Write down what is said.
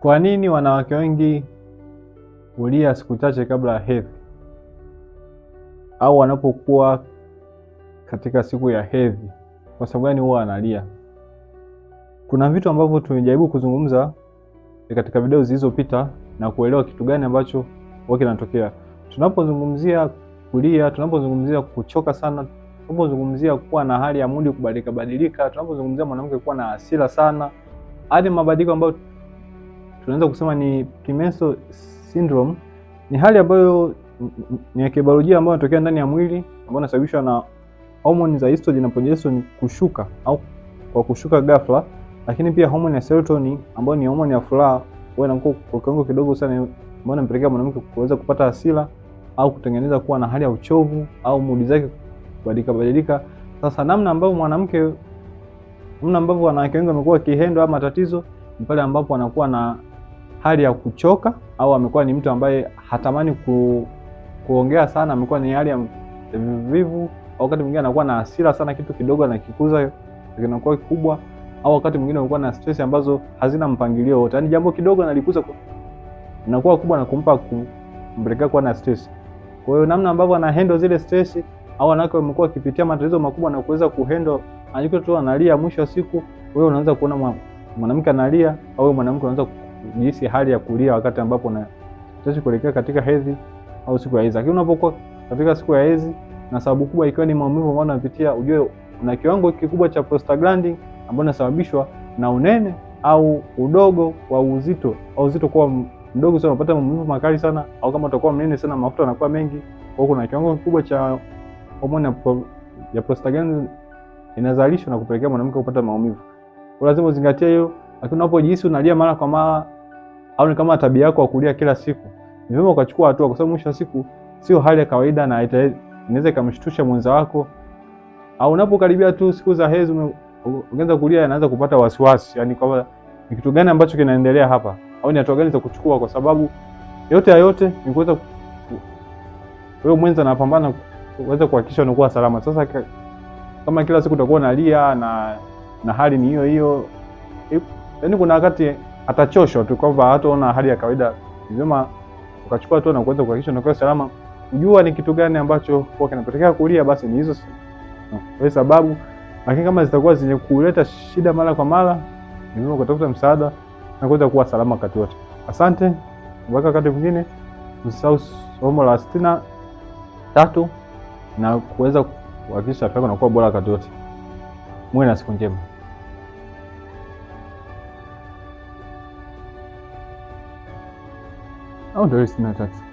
Kwa nini wanawake wengi hulia siku chache kabla ya hedhi au wanapokuwa katika siku ya hedhi? Kwa sababu gani huwa analia? Kuna vitu ambavyo tumejaribu kuzungumza katika video zilizopita na kuelewa kitu gani ambacho huwa kinatokea tunapozungumzia kulia, tunapozungumzia kuchoka sana, tunapozungumzia kuwa na hali ya mudi kubadilika badilika, tunapozungumzia mwanamke kuwa na hasira sana, hadi mabadiliko ambayo tunaweza kusema ni Kimeso syndrome ni hali ambayo ni ya kibiolojia ambayo inatokea ndani ya mwili ambayo inasababishwa na homoni za estrogen na progesterone kushuka au kwa kushuka ghafla, lakini pia homoni ya serotonin ambayo ni homoni ya furaha huwa inakuwa kwa kiwango kidogo sana, ambayo inampelekea mwanamke kuweza kupata hasira au kutengeneza kuwa na hali ya uchovu au mudi zake kubadilika badilika. Sasa namna ambavyo mwanamke namna ambavyo wanawake wengi wamekuwa wakihendwa ama matatizo ni pale ambapo anakuwa na hali ya kuchoka au amekuwa ni mtu ambaye hatamani ku, kuongea sana, amekuwa ni hali ya vivu, au wakati mwingine anakuwa na hasira sana, kitu kidogo anakikuza kinakuwa kikubwa, au wakati mwingine anakuwa na stress ambazo hazina mpangilio wote, yaani jambo kidogo analikuza inakuwa kubwa na kumpa kumpelekea kuwa na stress. Kwa hiyo namna ambavyo ana handle zile stress au anako amekuwa akipitia matatizo makubwa na kuweza kuhandle, anajikuta tu analia, mwisho wa siku wewe unaanza kuona mwanamke analia au mwanamke unaanza jinsi hali ya kulia wakati ambapo unataka kuelekea katika hedhi au siku ya hedhi. Lakini unapokuwa katika siku ya hedhi na sababu kubwa ikiwa ni maumivu ambayo unapitia, ujue una kiwango kikubwa cha prostaglandin ambayo inasababishwa na unene au udogo wa uzito au uzito kuwa mdogo sana, unapata maumivu makali sana, au kama utakuwa mnene sana, mafuta yanakuwa mengi. Kwa hiyo kuna kiwango kikubwa cha homoni ya, pro, ya prostaglandin inazalishwa na kupelekea mwanamke kupata maumivu. Kwa Lazima uzingatie hiyo. Lakini unapojihisi unalia mara kwa mara au ni kama tabia yako ya kulia kila siku, ni vyema ukachukua hatua, kwa sababu mwisho wa siku sio hali ya kawaida na inaweza ikamshtusha mwenza wako, au unapokaribia tu siku za hedhi ukianza kulia, anaanza kupata wasiwasi, yani kwamba ni kitu gani ambacho kinaendelea hapa, au ni hatua gani za kuchukua, kwa sababu yote ya yote ni kuweza wewe mwenza anapambana kuweza kuhakikisha unakuwa salama. Sasa kama kila siku utakuwa unalia na na hali ni hiyo hiyo Yaani kuna wakati atachoshwa tu kwamba hataona hali ya kawaida. Lazima ukachukua tu na kuweza kuhakikisha unakuwa salama. Kujua ni kitu gani ambacho kwa kinatokea kulia, basi ni hizo kwa sababu, lakini kama zitakuwa zenye kuleta shida mara kwa mara, ni vyema kutafuta msaada na kuweza kuwa salama wakati wote. Asante mpaka wakati mwingine. Msisahau somo la sitini na tatu na kuweza kuhakikisha afya yako inakuwa bora wakati wote. Mwe na siku njema. Oh, there is no text.